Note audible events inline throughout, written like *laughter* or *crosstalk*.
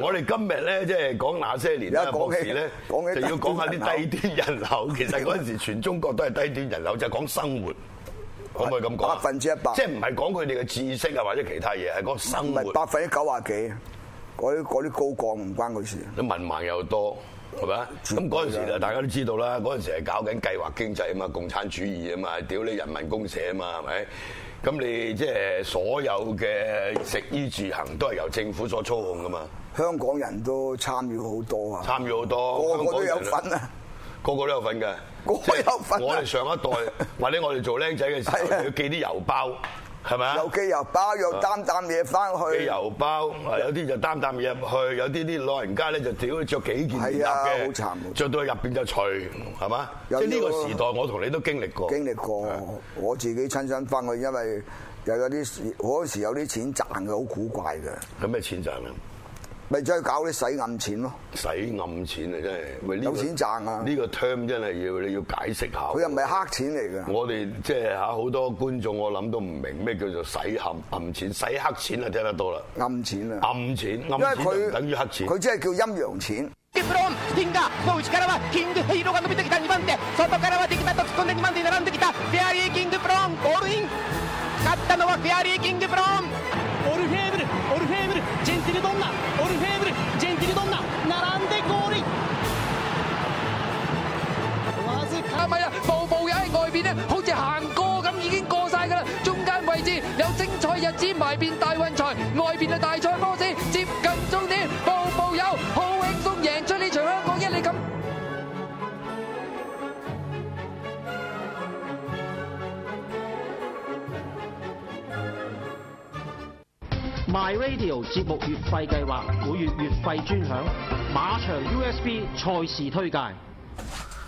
我哋今日咧即係講那些年啦，嗰時咧就要講下啲低端人流。講下啲人流其實嗰陣時全中國都係低端人流，就係、是、講生活。是可唔可以咁講？百分之一百，即係唔係講佢哋嘅知識啊，或者其他嘢，係講生活。百分之九啊幾，嗰啲啲高幹唔關佢事。啲文盲又多係咪？咁嗰陣時大家都知道啦。嗰陣時係搞緊計劃經濟啊嘛，共產主義啊嘛，屌你人民公社啊嘛，係咪？咁你即係所有嘅食衣住行都係由政府所操控噶嘛？香港人都參與好多啊！參與好多，個個都有份啊！個個都有份嘅，我有份。我哋上一代，或者我哋做僆仔嘅時候，要寄啲郵包，係咪啊？又寄郵包，又擔擔嘢翻去。寄郵包，有啲就擔擔嘢入去，有啲啲老人家咧就屌佢着幾件嘅，好沉，著到入邊就除，係嘛？即呢個時代，我同你都經歷過。經歷過，我自己親身翻去，因為又有啲，嗰時有啲錢賺嘅，好古怪嘅。係咩錢賺啊？咪再搞啲洗暗錢咯！洗暗錢啊，真係、喂、呢個、有錢賺啊！呢個 term 真係要你要解釋下。佢又唔係黑錢嚟嘅。我哋即係吓，好、即係、多觀眾我，我諗都唔明咩叫做洗暗暗錢，洗黑錢啊，聽得到啦。暗錢啊！暗錢，暗錢佢等於黑錢。佢即係叫陰陽錢。 *music* 邊咧好似行過咁，已經過晒噶啦！中間位置有精彩日子埋，遍大運財，外邊嘅大賽波士，接近終點，步步有，好輕鬆贏出呢場香港一厘金。My Radio 節目月費計劃，每月月費專享馬場 USB 賽事推介。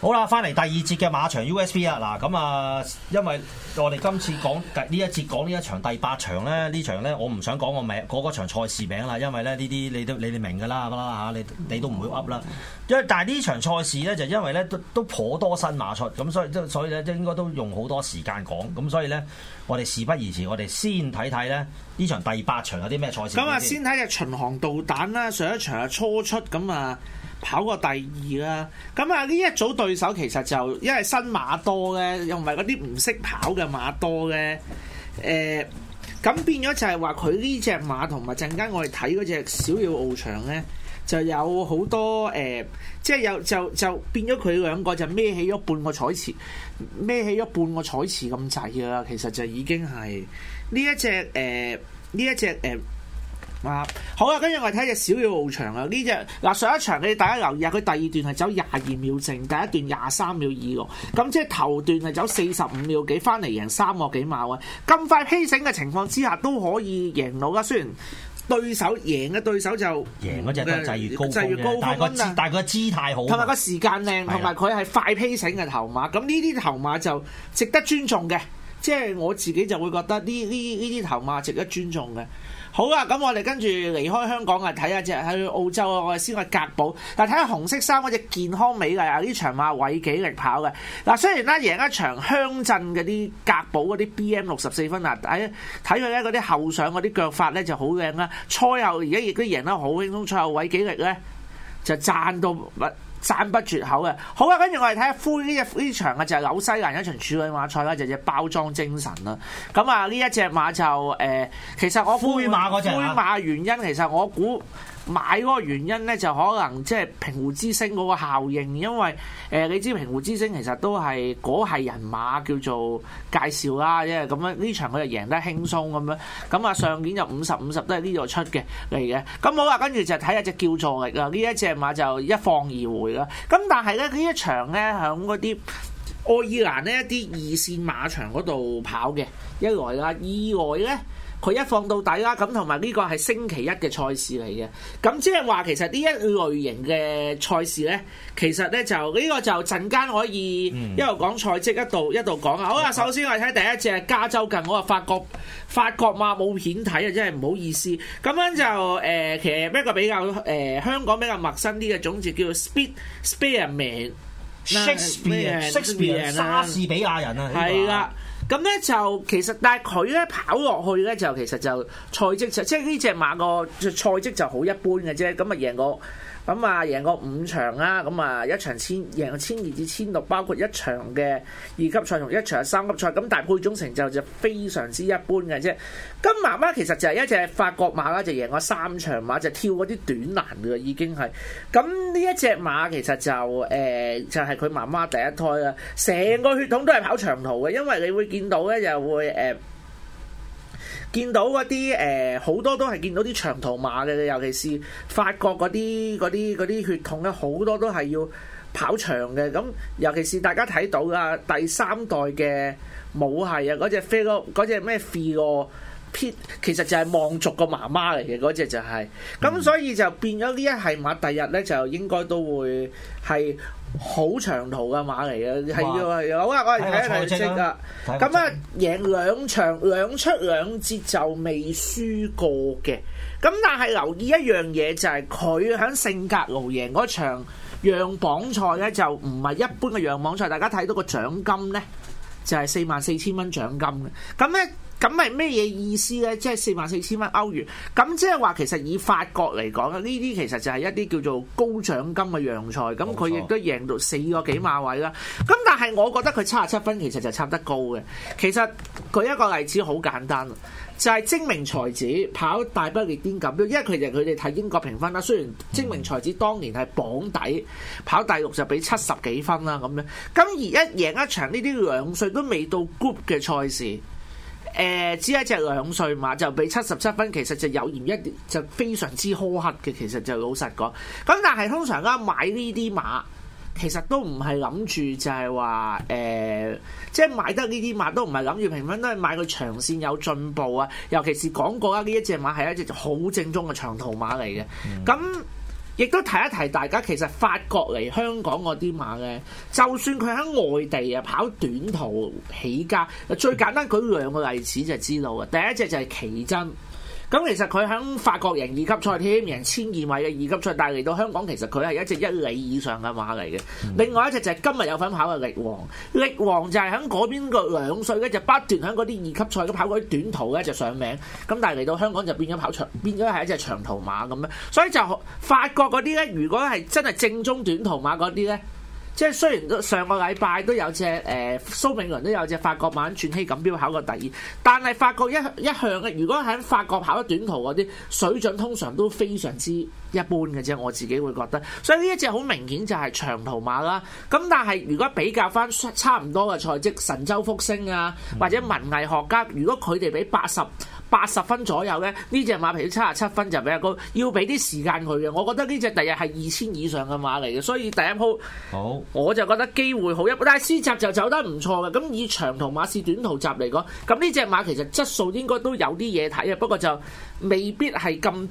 好啦，翻嚟第二節嘅馬場 USB 啊！嗱，咁啊，因為我哋今次講第呢一節講呢一場第八場咧，場呢場咧我唔想講個名，嗰、那、嗰、個、場賽事名啦，因為咧呢啲你都你哋明噶啦吓，你都你都唔會噏啦。因為但係呢場賽事咧，就因為咧都都頗多新馬出，咁所以即所以咧，應該都用好多時間講。咁所以咧，我哋事不宜遲，我哋先睇睇咧呢場第八場有啲咩賽事咁啊、嗯，先睇隻巡航導彈啦，上一場係初出咁啊。跑過第二啦，咁啊呢一組對手其實就因為新馬多咧，又唔係嗰啲唔識跑嘅馬多咧，誒、呃，咁變咗就係話佢呢隻馬同埋陣間我哋睇嗰隻小鳥敖翔咧，就有好多誒，即、呃、係、就是、有就就變咗佢兩個就孭起咗半個彩池，孭起咗半個彩池咁滯噶啦，其實就已經係呢一隻誒，呢、呃、一隻誒。呃啊，好啊！跟住我睇隻小雨翱翔啊！呢隻嗱上一場你大家留意下，佢第二段係走廿二秒剩，第一段廿三秒二喎。咁即係頭段係走四十五秒幾，翻嚟贏三個幾碼啊！咁快披繩嘅情況之下都可以贏到啦。雖然對手贏嘅對手就贏嗰隻就越高，越高分。但係佢姿態好，同埋個時間靚，同埋佢係快披繩嘅頭馬。咁呢啲頭馬就值得尊重嘅。即係我自己就會覺得呢呢呢啲頭馬值得尊重嘅。好啊，咁我哋跟住離開香港啊，睇下只去澳洲啊，我哋先去格寶。但睇下紅色衫嗰隻健康美麗，啊，呢場馬韋紀力跑嘅。嗱、啊，雖然呢、啊、贏一場鄉鎮嘅啲格寶嗰啲 B M 六十四分啊，睇睇佢咧嗰啲後上嗰啲腳法咧就好靚啦。賽後而家亦都贏得好輕鬆，賽後韋紀力咧就讚到。讚不絕口嘅，好啊！跟住我哋睇下灰呢呢場嘅就係紐西蘭一場處女馬賽啦，就只、是、包裝精神啦。咁啊，呢一隻馬就誒、呃，其實我灰馬嗰隻啊，灰馬原因其實我估。買嗰個原因咧，就可能即係平湖之星嗰個效應，因為誒、呃、你知平湖之星其實都係嗰係人馬叫做介紹啦，即係咁樣呢場佢就贏得輕鬆咁樣，咁啊上年就五十五十都係呢度出嘅嚟嘅，咁好啊，跟住就睇下隻叫做力啦，呢一隻馬就一放而回啦，咁但係咧佢一場咧喺嗰啲愛爾蘭呢，一啲二線馬場嗰度跑嘅，一來啊意外咧。佢一放到底啦，咁同埋呢個係星期一嘅賽事嚟嘅，咁即係話其實呢一類型嘅賽事咧，其實咧就呢個就陣間、這個、可以一路講賽即一度一度講啊。嗯、好啊，首先我哋睇第一隻加州近，我話法國法國嘛冇片睇啊，真係唔好意思。咁樣就誒、呃，其實一個比較誒、呃、香港比較陌生啲嘅種子叫做 Spe Speed Spearman Shakespeare 莎、啊、Shakespeare, 士比亞人啊，係啦、啊。是咁咧就其實，但係佢咧跑落去咧就其實就賽績就即係呢隻馬個賽績就好一般嘅啫，咁啊贏過咁啊、嗯，贏過五場啦，咁、嗯、啊一場千贏過千二至千六，包括一場嘅二級賽同一場三級賽，咁但係配種成就就非常之一般嘅啫。咁媽媽其實就係一隻法國馬啦，就贏過三場馬，就跳嗰啲短欄嘅已經係。咁呢一隻馬其實就誒、呃，就係佢媽媽第一胎啦，成個血統都係跑長途嘅，因為你會見到咧，就會誒。呃見到嗰啲誒，好、呃、多都係見到啲長途馬嘅，尤其是法國嗰啲啲啲血統咧，好多都係要跑長嘅。咁尤其是大家睇到啊，第三代嘅母，係、那、啊、個，嗰隻隻咩 pit，其實就係望族、那個媽媽嚟嘅嗰隻就係、是。咁所以就變咗呢一係馬，第日咧就應該都會係。好長途嘅馬嚟嘅，係要係好啊！我哋睇下台積啊，咁啊，贏兩場兩出兩節就未輸過嘅，咁但係留意一樣嘢就係佢喺性格奴贏嗰場讓榜賽咧就唔係一般嘅讓榜賽，大家睇到個獎金咧就係四萬四千蚊獎金嘅，咁咧。咁係咩嘢意思呢？即係四萬四千蚊歐元咁，即係話其實以法國嚟講呢啲其實就係一啲叫做高獎金嘅樣賽咁，佢亦錯都贏到四個幾馬位啦。咁、嗯、但係我覺得佢七十七分其實就差得高嘅。其實舉一個例子好簡單，就係、是、精明才子跑大不列顛錦標，因為其實佢哋睇英國評分啦。雖然精明才子當年係榜底跑第六，就俾七十幾分啦咁樣。咁而一贏一場呢啲兩歲都未到 group 嘅賽事。誒、呃，只一隻兩歲馬就俾七十七分，其實就有嫌一就非常之苛刻嘅。其實就老實講，咁但係通常啦、啊，買呢啲馬其實都唔係諗住就係話誒，即、呃、係、就是、買得呢啲馬都唔係諗住評分，都係買個長線有進步啊。尤其是講過啦，呢一隻馬係一隻好正宗嘅長途馬嚟嘅，咁、嗯。亦都提一提大家，其實法國嚟香港嗰啲馬咧，就算佢喺外地啊跑短途起家，最簡單舉兩個例子就知道啊。第一隻就係奇珍。咁其實佢喺法國贏二級賽，添贏千二米嘅二級賽，但係嚟到香港其實佢係一隻一哩以上嘅馬嚟嘅。另外一隻就係今日有份跑嘅力王，力王就係喺嗰邊個兩歲咧，就不斷喺嗰啲二級賽咁跑嗰啲短途咧就上名。咁但係嚟到香港就變咗跑長，變咗係一隻長途馬咁樣。所以就法國嗰啲咧，如果係真係正宗短途馬嗰啲咧。即係雖然上個禮拜都有隻誒、呃、蘇炳倫都有隻法國馬轉氣錦標考過第二，但係法國一一向嘅，如果喺法國跑得短途嗰啲水準，通常都非常之一般嘅啫。我自己會覺得，所以呢一隻好明顯就係長途馬啦。咁但係如果比較翻差唔多嘅賽績，即神州福星啊，或者文藝學家，如果佢哋俾八十八十分左右咧，呢隻馬皮都七十七分就比較高，要俾啲時間佢嘅。我覺得呢隻第日係二千以上嘅馬嚟嘅，所以第一鋪好，我就覺得機會好一。但係試集就走得唔錯嘅。咁以長途馬試短途集嚟講，咁呢隻馬其實質素應該都有啲嘢睇嘅，不過就未必係咁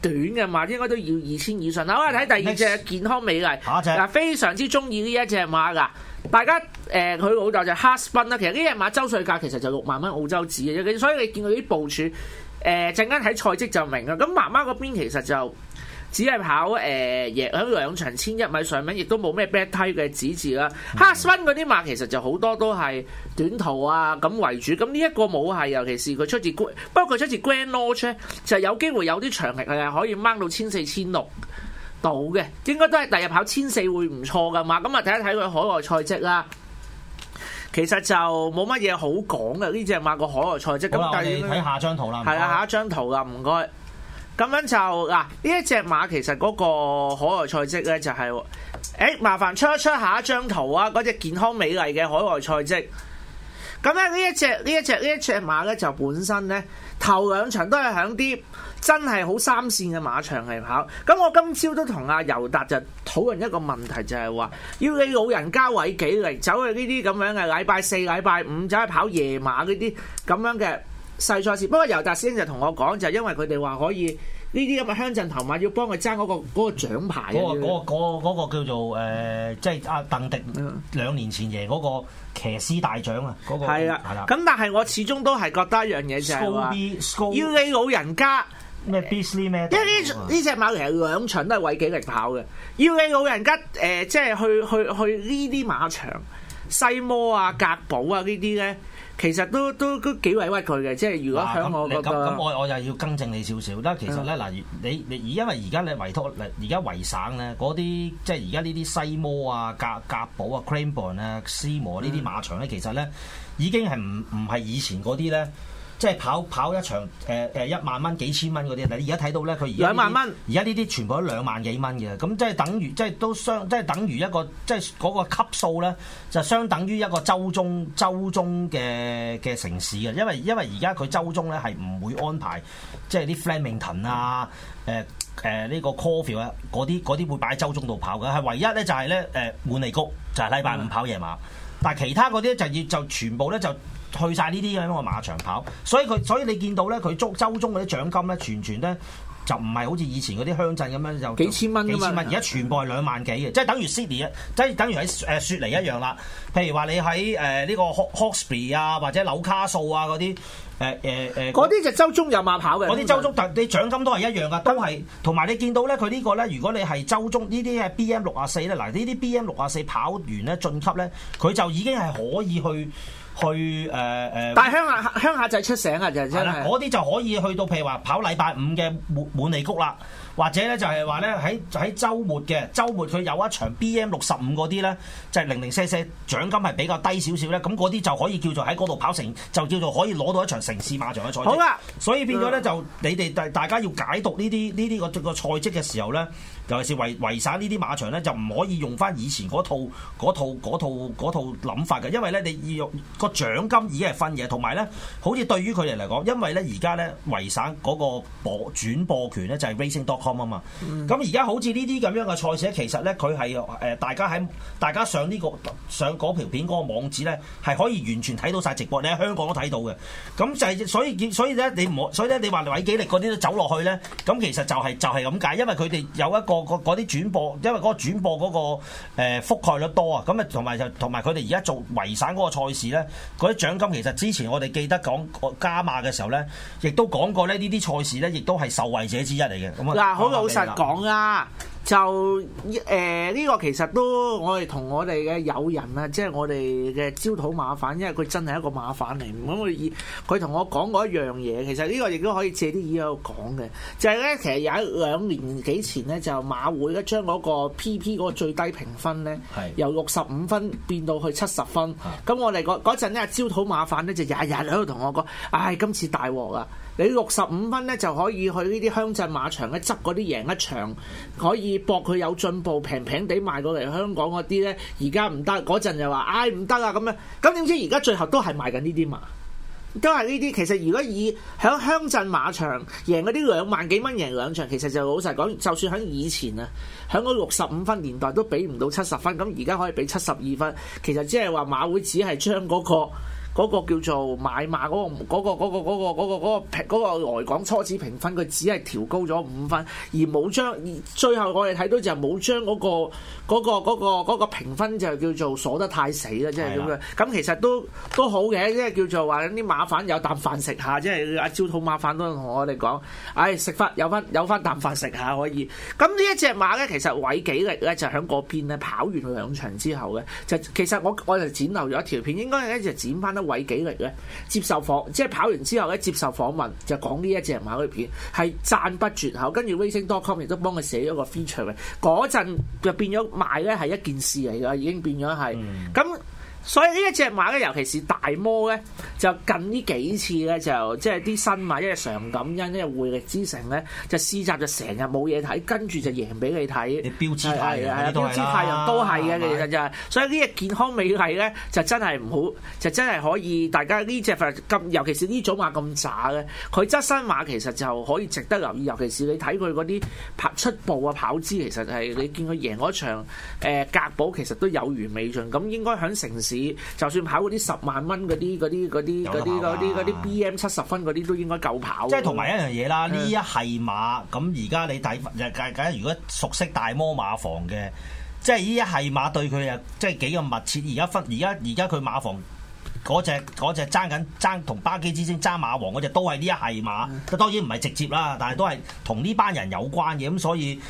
短嘅馬，應該都要二千以上。好，睇第二隻是健康美麗，嗱非常之中意呢一隻馬噶。大家誒佢，呃、老豆就哈斯賓啦，其實呢隻馬週歲價其實就六萬蚊澳洲紙嘅，所以你見佢啲部署誒陣間睇賽績就明啦。咁媽媽嗰邊其實就只係跑誒贏喺兩場千一米上面，亦都冇咩 bad tie 嘅紙字啦。哈斯賓嗰啲馬其實就好多都係短途啊咁為主，咁呢一個母系，尤其是佢出自不過佢出自 Grand Lodge 咧，就有機會有啲長力嘅，可以掹到千四千六。到嘅，應該都係第日跑千四會唔錯噶嘛，咁啊睇一睇佢海外賽績啦。其實就冇乜嘢好講嘅呢隻馬個海外賽績。好啦，我哋睇下張圖啦。係啦、啊，下一張圖啦，唔該。咁樣就嗱呢一隻馬其實嗰個海外賽績咧就係、是，誒、欸、麻煩出一出下一張圖啊！嗰隻健康美麗嘅海外賽績。咁咧呢一隻呢一隻呢一隻馬咧就本身咧頭兩場都係響啲。真係好三線嘅馬場係跑，咁我今朝都同阿尤達就討論一個問題，就係、是、話要你老人家韋紀力嚟走去呢啲咁樣嘅禮拜四、禮拜五走去跑夜馬呢啲咁樣嘅細賽事。不過尤達先就同我講，就是、因為佢哋話可以呢啲咁嘅鄉鎮頭馬要幫佢爭嗰、那個嗰、那個、獎牌、啊。嗰、那個那個那個叫做誒，即係阿鄧迪兩年前贏嗰個騎師大獎、那個、啊！嗰個係啦。咁但係我始終都係覺得一樣嘢就係、so so、要你老人家。咩 b u 咩？因為呢呢隻馬其實兩場都係為紀力跑嘅，要你老人家誒、呃，即係去去去呢啲馬場，西摩啊、格堡啊呢啲咧，其實都都都幾委屈佢嘅。即係如果響我覺得，咁咁、啊、我我又要更正你少少啦。其實咧嗱，嗯、你你而因為而家你維托，而家維省咧嗰啲即係而家呢啲西摩啊、格格堡啊、Cranbourne 咧、啊、斯摩呢啲馬場咧，嗯、其實咧已經係唔唔係以前嗰啲咧。即係跑跑一場誒誒、呃、一萬蚊幾千蚊嗰啲，但係而家睇到咧，佢而家兩萬蚊，而家呢啲全部都兩萬幾蚊嘅，咁即係等於即係、就是、都相即係等於一個即係嗰個級數咧，就相等於一個周中周中嘅嘅城市嘅，因為因為而家佢周中咧係唔會安排即係啲 Flemington 啊誒誒呢個 Caulfield 啊嗰啲嗰啲會擺喺週中度跑嘅，係唯一咧就係咧誒滿利谷就係禮拜五跑夜馬，但係其他嗰啲就要就全部咧就，就，就。去晒呢啲咁嘅馬場跑，所以佢所以你見到咧，佢周周中嗰啲獎金咧，全全咧就唔係好似以前嗰啲鄉鎮咁樣就幾千蚊，幾千蚊而家全部係兩萬幾嘅，嗯、即係等於 Sydney 啊，即係等於喺誒雪梨一樣啦。譬如話你喺誒呢個 Hawkesbury 啊，或者紐卡素啊嗰啲誒誒誒，嗰、呃、啲、呃、就周中有馬跑嘅，嗰啲周中但你獎金都係一樣噶，都係同埋你見到咧，佢呢個咧，如果你係周中呢啲啊 BM 六啊四咧，嗱呢啲 BM 六啊四跑完咧進級咧，佢就已經係可以去。去誒誒，呃、但係鄉下鄉下仔出醒啊，就係真係嗰啲就可以去到，譬如話跑禮拜五嘅滿滿地谷啦，或者咧就係話咧喺喺週末嘅週末佢有一場 B M 六十五嗰啲咧，就係零零舍舍獎金係比較低少少咧，咁嗰啲就可以叫做喺嗰度跑成就叫做可以攞到一場城市馬場嘅賽。好啦，所以變咗咧就你哋大大家要解讀呢啲呢啲個個賽績嘅時候咧。尤其是維維省呢啲馬場咧，就唔可以用翻以前嗰套嗰套嗰套嗰套諗法嘅，因為咧你要個獎金已經係分嘢，同埋咧，好似對於佢哋嚟講，因為咧而家咧維省嗰個播轉播權咧就係 racing.com 啊嘛、嗯，咁而家好似呢啲咁樣嘅賽事咧，其實咧佢係誒大家喺大家上呢、這個上嗰條片嗰個網址咧，係可以完全睇到晒直播，你喺香港都睇到嘅。咁就係、是、所以，所以咧你唔，所以咧你話韋紀力嗰啲都走落去咧，咁其實就係、是、就係咁解，因為佢哋有一個。嗰啲轉播，因為嗰個轉播嗰個覆蓋率多啊，咁啊同埋就同埋佢哋而家做圍散嗰個賽事咧，嗰啲獎金其實之前我哋記得講加碼嘅時候咧，亦都講過咧呢啲賽事咧，亦都係受惠者之一嚟嘅。咁啊，嗱，好老實講啊。就誒呢、呃這個其實都我哋同我哋嘅友人啊，即係我哋嘅焦土馬粉，因為佢真係一個馬粉嚟。咁佢佢同我講過一樣嘢，其實呢個亦都可以借啲嘢喺度講嘅，就係、是、咧其實有兩年幾前咧，就馬會咧將嗰個 PP 嗰個最低評分咧，由六十五分變到去七十分。咁是的 我哋嗰陣咧，焦是的 土馬粉咧就日日喺度同我講：唉、哎，今次大鑊啊！你六十五分呢，就可以去呢啲鄉鎮馬場咧執嗰啲贏一場，可以搏佢有進步，平平地賣過嚟香港嗰啲呢。而家唔得嗰陣又話唉唔得啊咁樣，咁點知而家最後都係賣緊呢啲馬，都係呢啲。其實如果以響鄉鎮馬場贏嗰啲兩萬幾蚊贏兩場，其實就老實講，就算喺以前啊，響嗰六十五分年代都畀唔到七十分，咁而家可以畀七十二分，其實只係話馬會只係將嗰個。嗰個叫做買馬嗰個嗰個嗰個嗰個嗰個來港初次評分，佢只係調高咗五分，而冇將最後我哋睇到就冇將嗰個嗰個嗰個評分就叫做鎖得太死啦，即係咁樣。咁其實都都好嘅，即係叫做話啲馬粉有啖飯食下，即係阿焦土馬粉都同我哋講，唉，食翻有翻有翻啖飯食下可以。咁呢一隻馬咧，其實韋紀力咧就喺嗰邊咧跑完兩場之後咧，就其實我我就剪漏咗一條片，應該咧就剪翻得。韋紀力咧，接受訪，即係跑完之後咧，接受訪問就講呢一隻馬嘅片係讚不絕口，跟住 Racing.com 亦都幫佢寫咗個 feature 嘅，嗰陣就變咗賣咧係一件事嚟㗎，已經變咗係咁。嗯所以呢一隻馬咧，尤其是大摩咧，就近呢幾次咧，就即係啲新馬，因為常感恩，因為匯力之城咧，就試閘就成日冇嘢睇，跟住就贏俾你睇。你標誌派啊，標誌派人都係嘅，是是其實就係、是、所以呢隻健康美麗咧，就真係唔好，就真係可以大家呢隻咁，尤其是呢種馬咁渣嘅，佢側身馬其實就可以值得留意，尤其是你睇佢啲拍出步啊跑姿，其實係你見佢贏嗰場誒格寶其實都有餘未盡。咁應該喺成。就算跑嗰啲十萬蚊嗰啲嗰啲嗰啲嗰啲嗰啲嗰啲 B M 七十分嗰啲，都應該夠跑。即係同埋一樣嘢啦，呢是的 一係馬咁而家你睇，大家如果熟悉大摩馬房嘅，即係呢一係馬對佢又即係幾咁密切。而家分而家而家佢馬房嗰隻嗰隻爭緊爭同巴基之星爭馬王嗰隻都係呢一係馬。嗯、當然唔係直接啦，但係都係同呢班人有關嘅，咁所以。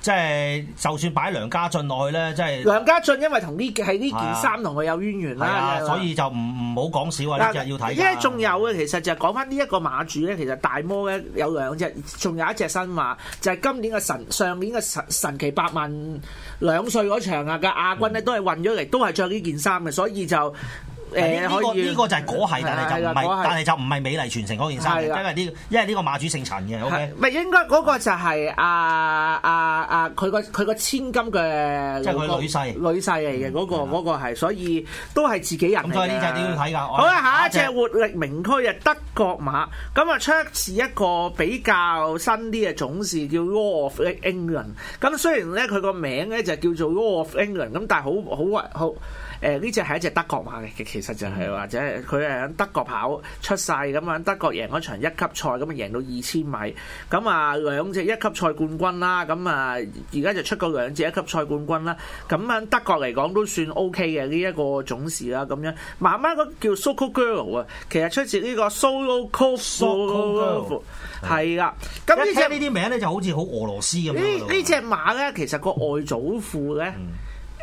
即係，就算擺梁家俊落去咧，即係梁家俊，因為同呢係呢件衫同佢有淵源啦，所以就唔唔好講笑啊！呢隻在要睇。咦？仲有嘅，其實就係講返呢一個馬主咧，其實大魔咧有兩隻，仲有一隻新馬，就係、是、今年嘅神，上年嘅神神奇百萬兩歲嗰場啊嘅亞軍咧、嗯，都係運咗嚟，都係着呢件衫嘅，所以就。誒呢、欸這個呢、這個就係果係，嗯、但係就唔係，的但係就唔係美麗傳承嗰件衫，因為呢，因為呢個馬主姓陳嘅，OK。咪應該嗰個就係阿阿阿佢個佢個千金嘅、那個，即係佢女婿女婿嚟嘅嗰個嗰係的、嗯，所以都係自己人。咁所以呢隻點睇㗎？好啦，下一隻活力名區啊，德國馬咁啊，出自一,一個比較新啲嘅種氏叫 Wolf of England。咁雖然咧佢個名咧就叫做 Wolf of England，咁但係好好好。誒呢隻係一隻德國馬嘅，其實就係或者佢喺德國跑出世咁樣，德國贏嗰場一級賽咁啊，贏到二千米，咁啊兩隻一級賽冠軍啦，咁啊而家就出過兩隻一級賽冠軍啦，咁喺德國嚟講都算 O K 嘅呢一個種子啦，咁樣。媽媽嗰叫 Soko Girl 啊，其實出自呢個 Club, Solo Girl，係啦。咁呢隻呢啲名咧就好似好俄羅斯咁樣。這馬呢呢隻馬咧，其實個外祖父咧。嗯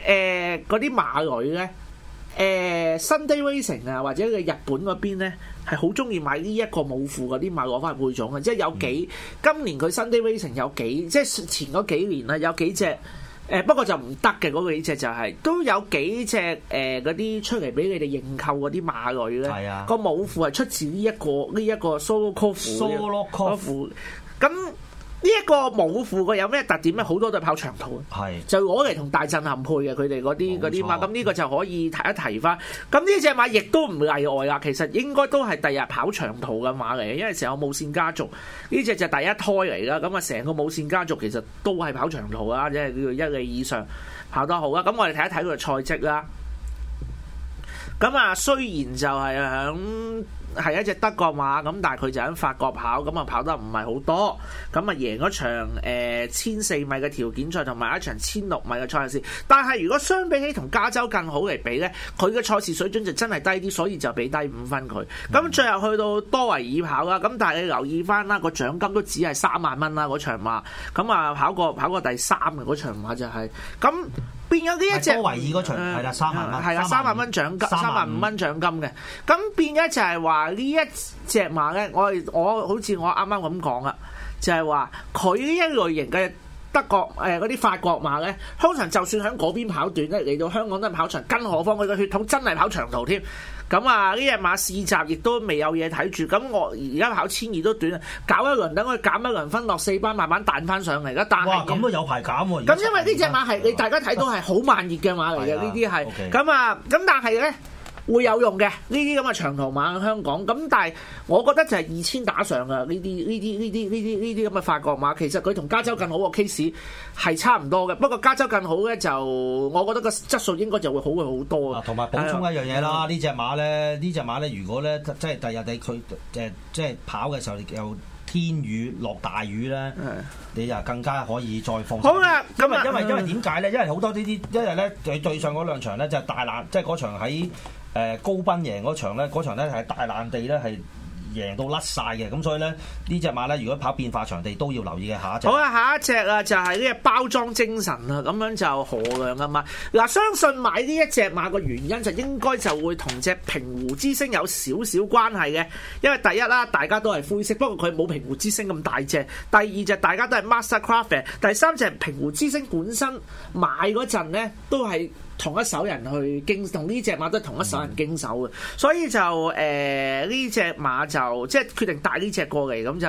誒嗰啲馬女咧，誒、呃、Sunday Racing 啊，或者個日本嗰邊咧，係好中意買呢一個母庫嗰啲馬攞翻配種嘅，即係有幾今年佢 Sunday Racing 有幾，即係前嗰幾年啦，有幾隻誒、呃，不過就唔得嘅嗰幾隻就係，都有幾隻誒嗰啲出嚟俾你哋認購嗰啲馬女咧。係啊，個母庫係出自呢一個呢一個 Solo Cover Solo Cover 咁。呢一個母父嘅有咩特點咧？好多都係跑長途嘅，是就攞嚟同大震撼配嘅，佢哋嗰啲嗰啲馬，咁呢錯個就可以提一提翻。咁呢隻馬亦都唔例外啊，其實應該都係第日，日跑長途嘅馬嚟，因為成個母線家族呢隻就第一胎嚟啦。咁啊，成個母線家族其實都係跑長途啊，即係叫做一里以上跑得好啦。咁我哋睇一睇佢嘅賽績啦。咁啊，雖然就係響係一隻德國馬咁，但係佢就喺法國跑，咁啊跑得唔係好多，咁啊贏嗰場呃千四米嘅條件賽同埋一場千六米嘅賽事，但係如果相比起同加州更好嚟比呢，佢嘅賽事水準就真係低啲，所以就俾低五分佢。咁最後去到多維爾跑啦，咁但係你留意翻啦，個獎金都只係三萬蚊啦，嗰場馬，咁啊跑過跑過第三嘅嗰場馬就係咁。變咗呢一隻，係波維爾嗰場，係啦、嗯、的三萬蚊，係啦三萬蚊獎金，三萬五蚊獎金嘅。咁變咗就係話呢一隻馬咧，我我好似我啱啱咁講啊，就係話佢呢一類型嘅。德國誒嗰啲法國馬咧，通常就算喺嗰邊跑短咧，嚟到香港都係跑長，更何況佢個血統真係跑長途添。咁啊，呢隻馬試閘亦都未有嘢睇住。咁我而家跑千二都短，啊，搞一輪等佢減一輪分落四班，慢慢彈翻上嚟啦。但係咁都有排減喎。咁因為呢隻馬係你大家睇到係好慢熱嘅馬嚟嘅，呢啲係咁啊。咁，okay，啊，但係咧。會有用嘅呢啲咁嘅長途馬喺香港咁，但係我覺得就係二千打上啊！呢啲呢啲呢啲呢啲呢啲咁嘅法國馬，其實佢同加州更好個 case 係差唔多嘅。不過加州更好咧，就我覺得個質素應該就會好過好多。同埋補充一樣嘢啦，的隻呢隻馬咧，呢隻馬咧，如果咧即係第日你佢誒即係跑嘅時候有天雨落大雨咧，的你就更加可以再放鬆。好啦，咁啊為的，因為因為點解咧？因為好多呢啲，因為咧佢最上嗰兩場咧就係大冷，即係嗰場喺。誒高賓贏嗰場咧，嗰場咧係大爛地咧係贏到甩晒嘅，咁所以咧呢隻馬咧，如果跑變化場地都要留意嘅下一隻。好啦、啊，下一隻啊，就係呢個包裝精神啊，咁樣就何良嘅嘛。嗱、啊，相信買呢一隻馬嘅原因就應該就會同隻平湖之星有少少關係嘅，因為第一啦，大家都係灰色，不過佢冇平湖之星咁大隻。第二就大家都係 Master Craft。第三就平湖之星本身買嗰陣咧都係。同一手人去經，同呢隻馬都係同一手人經手嘅。嗯、所以就誒呢隻馬就即係、就是、決定帶呢隻過嚟咁就。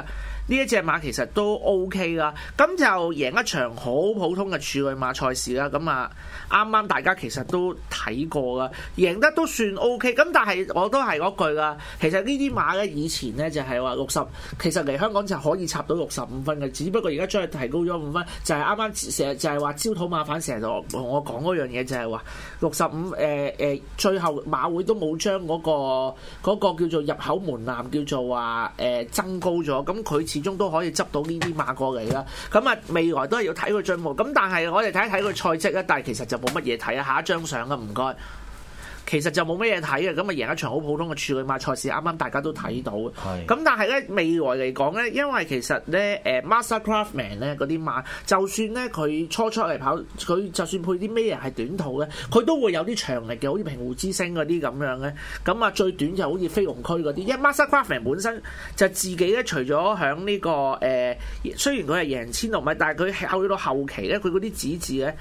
呢一隻馬其實都 O K 啦，咁就贏一場好普通嘅處女馬賽事啦。咁啊，啱啱大家其實都睇過噶，贏得都算 O K。咁但係我都係嗰句啦，其實呢啲馬咧以前咧就係話六十，其實嚟香港就可以插到六十五分嘅，只不過而家將佢提高咗五分。就係啱啱成日就係話焦土馬反成日同我講嗰樣嘢，就係話六十五誒誒，最後馬會都冇將嗰、嗰個嗰個叫做入口門檻叫做話誒、呃、增高咗，咁佢。始終都可以執到呢啲馬過嚟啦，咁啊未來都係要睇佢進步，咁但係我哋睇一睇佢賽績啦，但係其實就冇乜嘢睇啊，下一張相啊，唔該。其實就冇咩嘢睇嘅，咁啊贏一場好普通嘅處女馬賽事，啱啱大家都睇到。咁但係咧未來嚟講咧，因為其實咧誒 Mastercraftman 咧嗰啲馬，就算咧佢初初嚟跑，佢就算配啲咩嘢係短途咧，佢都會有啲長力嘅，好似平湖之星嗰啲咁樣咧。咁啊最短就好似飛龍區嗰啲，因為 Mastercraftman 本身就自己咧，除咗響呢個誒，雖然佢係贏千六米，但係佢去到後期咧，佢嗰啲指字咧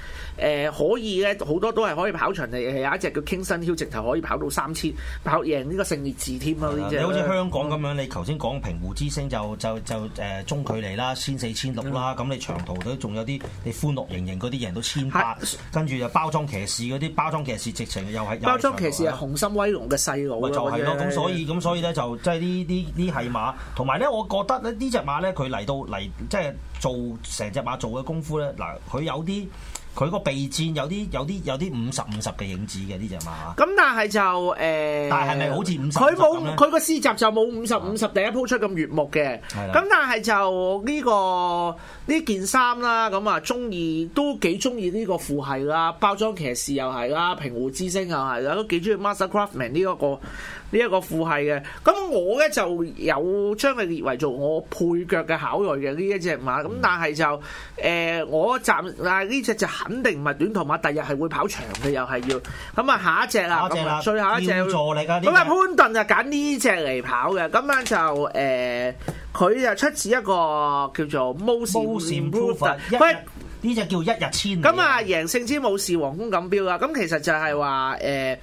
誒可以咧好多都係可以跑長嚟。係有一隻叫傾直頭可以跑到三千，跑贏呢個勝利字添啊！呢隻，你好似香港咁樣，你頭先講平湖之星就就就誒中距離啦，千四千六啦，咁你長途都仲有啲，你歡樂盈盈嗰啲贏到千八，跟住就包裝騎士嗰啲包裝騎士直情又係包裝騎士紅心威龍嘅細路啊，就係咯，咁所以咁所以咧就即係呢呢呢係馬，同埋咧，我覺得咧呢隻馬咧佢嚟到嚟即係做成隻馬做嘅功夫咧，嗱佢有啲。佢個備戰有啲有啲有啲五十五十嘅影子嘅、呃、呢隻嘛咁但係就誒，但係係咪好似五十咁咧？佢冇佢個詩集就冇五十五十第一鋪出咁悅目嘅，咁、啊、但係就呢、這個呢件衫啦，咁啊中意都幾中意呢個副系啦，包裝騎士又係啦，平湖之星又係啦，都幾中意 Master Craftman 呢、這、一個。呢一個副系嘅，咁我咧就有將佢列為做我配腳嘅考慮嘅呢一隻馬，咁但係就誒我暫嗱呢隻就肯定唔係短途馬，第日係會跑長嘅，又係要咁啊下一隻啦，最後一隻，焦座嚟噶，咁啊潘頓就揀呢隻嚟跑嘅，咁樣就誒佢就出自一個叫做毛線 proof，不呢隻叫一日千，咁啊贏勝之武士皇宮錦標啊，咁其實就係話誒。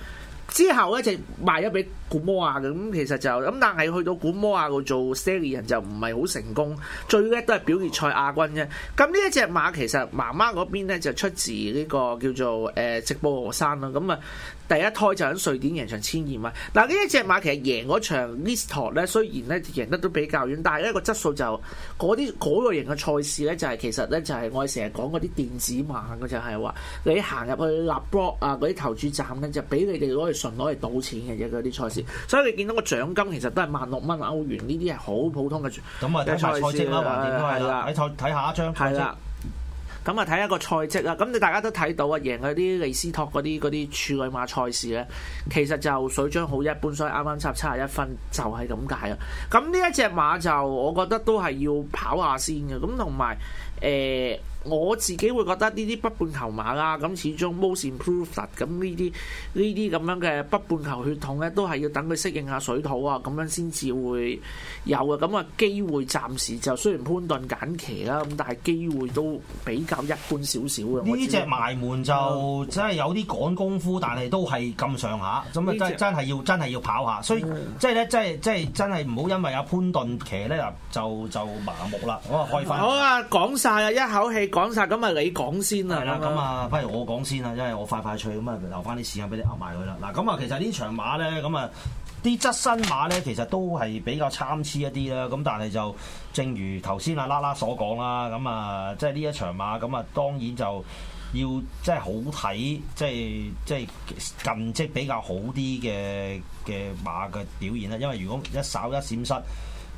之後咧就賣咗俾古摩亞嘅，咁其實就咁，但係去到古摩亞度做 stayer 人就唔係好成功，最叻都係表現賽亞軍啫。咁呢一隻馬其實媽媽嗰邊咧就出自呢個叫做誒直布羅山啦，咁啊。第一胎就喺瑞典贏場千二萬，嗱呢一隻馬其實贏嗰場 Lister 咧，雖然咧贏得都比較遠，但係一個質素就嗰啲嗰類型嘅賽事咧，就係、是、其實咧就係、是、我哋成日講嗰啲電子馬嘅，就係、是、話你行入去 Ladbrokes 啊嗰啲投注站咧，就俾你哋攞嚟純攞嚟賭錢嘅啫。嗰啲賽事，所以你見到個獎金其實都係萬六蚊歐元，呢啲係好普通嘅咁啊！睇下賽績啦，橫掂都係啦，喺賽睇下一張賽。咁啊，睇一個賽績啦。咁你大家都睇到啊，贏嗰啲利斯托嗰啲嗰啲處女馬賽事咧，其實就水準好一般，所以啱啱插七十一分就係咁解啊。咁呢一隻馬就我覺得都係要跑下先嘅。咁同埋誒。欸我自己會覺得呢啲北半球馬啊，咁始終 most improved 咁呢啲呢啲咁樣嘅北半球血統咧，都係要等佢適應下水土啊，咁樣先至會有啊。咁啊機會暫時就雖然潘頓揀騎啦，咁但係機會都比較一般少少嘅。呢隻這種 埋門就真係有啲趕功夫，但係都係咁上下，咁啊真的真係要真係要跑下。所以即係咧，即係即係真係唔好因為阿潘頓騎咧就就麻木啦。好啊，開翻好啊，講晒啊，一口氣。講晒，咁咪你講先啦。係啦，咁啊，不如我講先啦，因為我快快脆咁啊，留翻啲時間俾你噏埋佢啦。嗱，咁啊，其實呢場馬咧，咁啊，啲質身馬咧，其實都係比較參差一啲啦。咁但係就正如頭先啊 LakLak 所講啦，咁啊，即係呢一場馬咁啊，當然就要即係好睇，即係即係近績比較好啲嘅嘅馬嘅表現啦。因為如果一稍一閃失，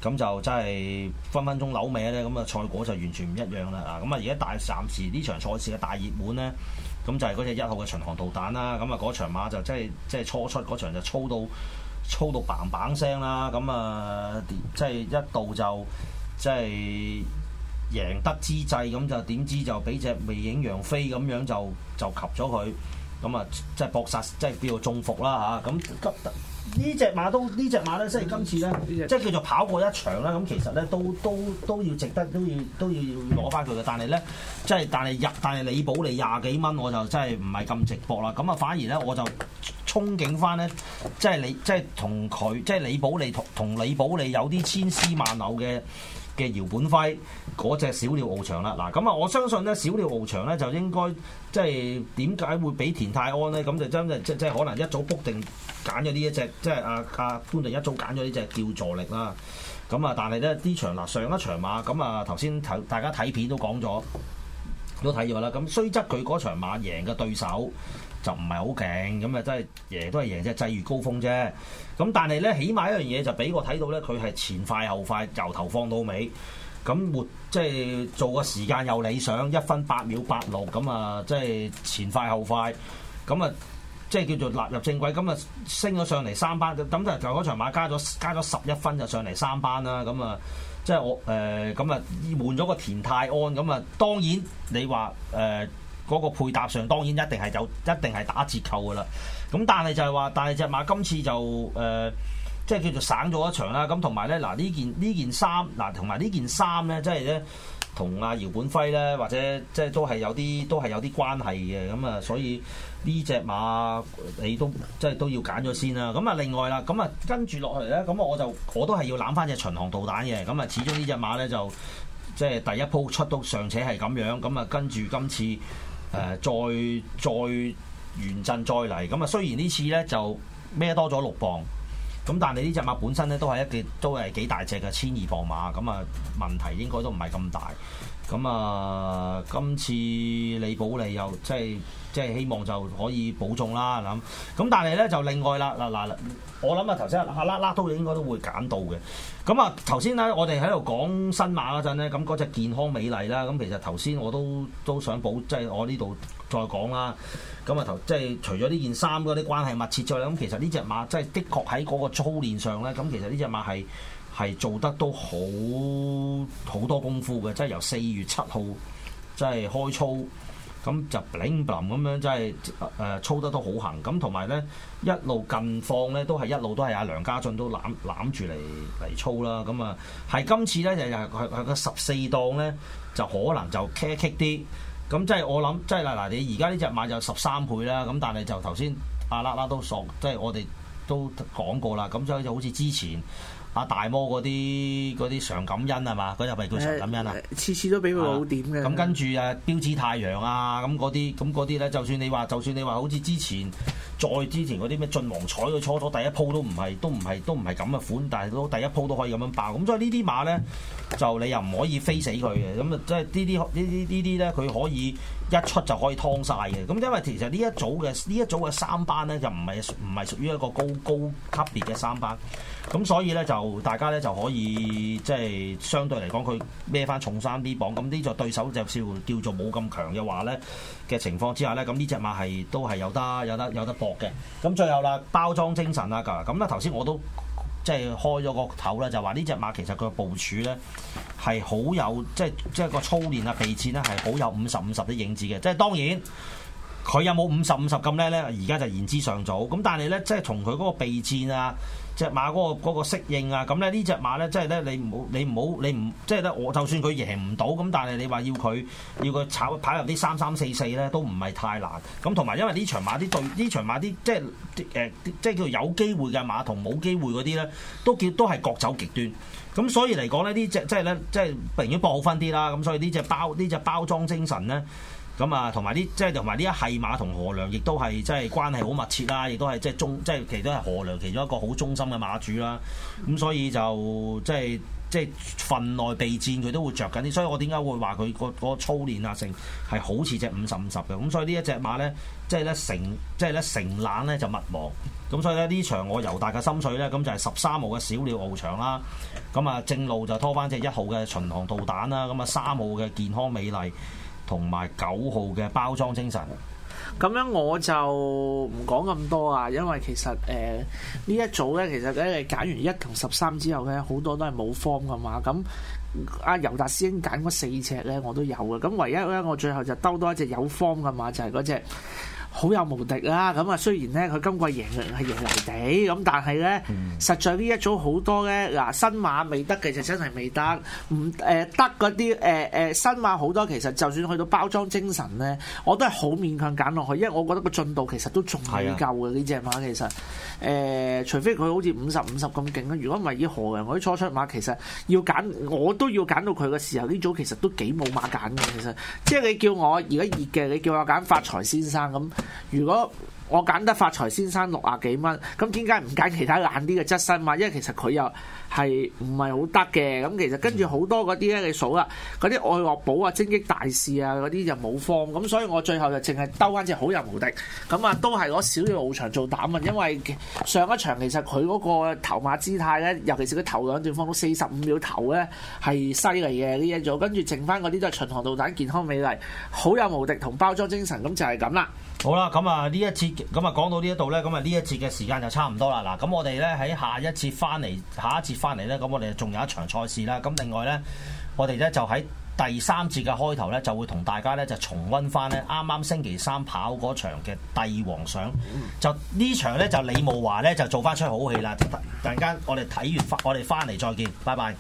咁就真係分分鐘扭尾咧，咁、那、啊、個、賽果就完全唔一樣啦啊！咁啊而家大暫時呢場賽事嘅大熱門咧，咁就係嗰隻一號嘅巡航導彈啦。咁啊嗰場馬就真係真係初出嗰、那個、場就操到操到 b a n 聲啦。咁、那、啊、個、即係一度就即係贏得之際，咁就點知就俾隻未影楊飛咁樣就就及咗佢。咁、那、啊、個、即係搏殺，即係叫做中伏啦吓？咁急得～呢隻馬都隻馬呢隻馬咧，即係今次咧，即係叫做跑過一場啦。咁其實咧都都都要值得，都要都要要攞翻佢嘅。但係咧，即係但係入但係李寶利廿幾蚊，我就真係唔係咁值搏啦。咁啊，反而咧我就憧憬翻咧，即係你即係同佢，即係李寶利同同李寶利有啲千絲萬縷嘅。嘅姚本輝嗰隻小鳥翱翔啦，嗱咁啊我相信咧小鳥翱翔咧就應該即係點解會比田泰安咧咁就真係即即係可能一早卜定揀咗呢一隻，即係阿阿冠定一早揀咗呢隻叫助力啦，咁啊但係咧呢場嗱上一場馬咁啊頭先睇大家睇片都講咗。都睇咗啦，咁雖則佢嗰場馬贏嘅對手就唔係好勁，咁啊真係贏都係贏，即係際遇高峰啫。咁但係咧，起碼一樣嘢就俾我睇到咧，佢係前快後快，由頭放到尾，咁活，即係做個時間又理想一分八秒八六，咁啊即係前快後快，咁啊即係叫做納入正軌，咁啊升咗上嚟三班，咁就就嗰場馬加咗加咗十一分就上嚟三班啦，咁啊。即係我誒，咁啊，換咗個田泰安咁啊，當然你話誒嗰個配搭上當然一定係有，一定係打折扣㗎喇。咁但係就係話，但係隻馬今次就誒。呃即係叫做省咗一場啦。咁同埋咧，嗱、啊、呢件呢件衫，嗱同埋呢件衫咧，即係咧同阿姚本輝咧，或者即係都係有啲都係有啲關係嘅。咁啊，所以呢隻馬你都即係都要揀咗先啦。咁啊，另外啦，咁啊跟住落嚟咧，咁我就我都係要攬返隻巡航導彈嘅。咁啊，始終隻呢隻馬咧就即係第一鋪出到，尚且係咁樣。咁啊，跟住今次誒、呃、再再原陣再嚟，咁啊雖然次呢次咧就孭多咗六磅。咁但係呢隻馬本身咧都係一件都係幾大隻嘅千二磅馬，咁啊問題應該都唔係咁大。咁啊今次李寶利又即係即係希望就可以保重啦。咁咁但係咧就另外啦，嗱嗱我諗啊頭先阿拉拉都應該都會揀到嘅。咁啊頭先咧我哋喺度講新馬嗰陣咧，咁嗰隻健康美麗啦，咁其實頭先我都都想保即係我呢度。再講啦，咁啊頭即係除咗呢件衫嗰啲關係密切之外，咁其實呢隻馬真係的、的確喺嗰個操練上咧，咁其實呢隻馬係係做得都好好多功夫嘅，即係由四月七號即係開操，咁就 bling bling 咁樣即係誒、呃、操得都好行，咁同埋咧一路近放咧都係一路都係阿梁家俊都攬攬住嚟嚟操啦，咁啊係今次咧又又係個十四檔咧就可能就 care 啲。咁即係我諗，即係嗱嗱，你而家呢隻買就十三倍啦，咁但係就頭先阿啦啦都熟，即係我哋都講過啦，咁所以就好似之前。啊大魔嗰啲嗰啲常感恩係嘛？嗰隻咪叫常感恩啊！次次都俾佢好點嘅。咁跟住啊，標誌太陽啊，咁嗰啲咁嗰啲咧，就算你話就算你話，好似之前再之前嗰啲咩晉王彩嘅初初第一鋪都唔係都唔係都唔係咁嘅款，但係都第一鋪都可以咁樣爆。咁所以呢啲馬咧，就你又唔可以飛死佢嘅。咁啊，即係呢啲呢啲呢啲咧，佢可以。一出就可以劏曬嘅，咁因為其實呢一組嘅呢一組嘅三班呢，就唔係唔係屬於一個高高級別嘅三班，咁所以呢，就大家呢，就可以即係相對嚟講，佢孭翻重三啲磅，咁呢就對手就笑叫做冇咁強嘅話呢嘅情況之下呢，咁呢隻馬係都係有得有得有得搏嘅。咁最後啦，包裝精神啊，咁啦，頭先我都。即係開咗個頭啦，就話呢隻馬其實佢部署咧係好有，即係即係個操練啊備戰咧係好有五十五十的影子嘅。即係當然佢有冇五十五十咁叻咧，而家就言之尚早。咁但係咧，即係從佢嗰個備戰啊，隻馬嗰個嗰個適應啊，咁咧呢隻馬咧，即係咧你唔好你唔好你唔即係咧，我就算佢贏唔到，咁但係你話要佢要佢炒跑入啲三三四四咧，都唔係太難。咁同埋因為呢場馬啲對呢場馬啲即係啲誒即係叫有機會嘅馬同冇機會嗰啲咧，都叫都係各走極端。咁所以嚟講咧，呢隻即係咧即係寧願搏好分啲啦。咁所以呢隻包呢隻包裝精神咧。咁啊，同埋啲即係同埋呢一係馬同何良，亦都係即係關係好密切啦，亦都係即係忠即係其都係何良其中一個好忠心嘅馬主啦。咁所以就即係即係分內備戰，佢都會着緊啲。所以我點解會話佢個嗰操練啊，成係好似只五十五十嘅。咁所以呢一隻馬咧，即係咧成即係咧成攬咧就勿忘。咁所以咧呢場我尤達嘅心水咧，咁就係十三號嘅小鳥翱翔啦。咁啊正路就拖翻隻一號嘅巡航導彈啦。咁啊三號嘅健康美麗。同埋九號嘅包裝精神，咁樣我就唔講咁多啊，因為其實誒呢、呃、一組呢，其實你揀完一同十三之後呢，好多都係冇方噶嘛。咁阿尤達師兄揀嗰四隻呢，我都有嘅。咁唯一呢，我最後就兜多一隻有方噶嘛，就係嗰隻。好有無敵啦！咁啊，雖然咧佢今季贏係贏嚟地，咁但係咧，嗯、實在呢一組好多咧，嗱新馬未得嘅就真係未得，唔誒得嗰啲誒誒新馬好多，其實就算去到包裝精神咧，我都係好勉強揀落去，因為我覺得個進度其實都仲未夠嘅呢隻馬其實誒、呃，除非佢好似五十五十咁勁啦，如果唔係以何人嗰啲初出馬，其實要揀我都要揀到佢嘅時候，呢組其實都幾冇馬揀嘅其實，即係你叫我而家熱嘅，你叫我揀發財先生咁。如果我揀得發財先生六啊幾蚊，咁點解唔揀其他硬啲嘅質身嘛？因為其實佢又係唔係好得嘅咁。其實跟住好多嗰啲咧，你數啦，嗰啲愛樂寶啊、精擊大使啊嗰啲就冇放咁，所以我最後就淨係兜翻隻隻好有無敵咁啊，都係攞少嘢熬長做膽啊。因為上一場其實佢嗰個頭馬姿態咧，尤其是佢頭兩段放到四十五秒頭咧係犀利嘅，呢一組，跟住剩翻嗰啲都係巡航導彈、健康美麗、好有無敵同包裝精神咁就係咁啦。好啦，咁啊呢一次，咁啊講到呢一度呢，咁啊呢一次嘅時間就差唔多啦。嗱，咁我哋呢，喺下一節翻嚟，下一節翻嚟呢，咁我哋仲有一場賽事啦。咁另外呢，我哋呢，就喺第三節嘅開頭呢，就會同大家呢，就重温翻呢啱啱星期三跑嗰場嘅帝王賞。就呢場呢，就李慕華呢，就做翻出好戲啦！等陣間我哋睇完，我哋翻嚟再見，拜拜。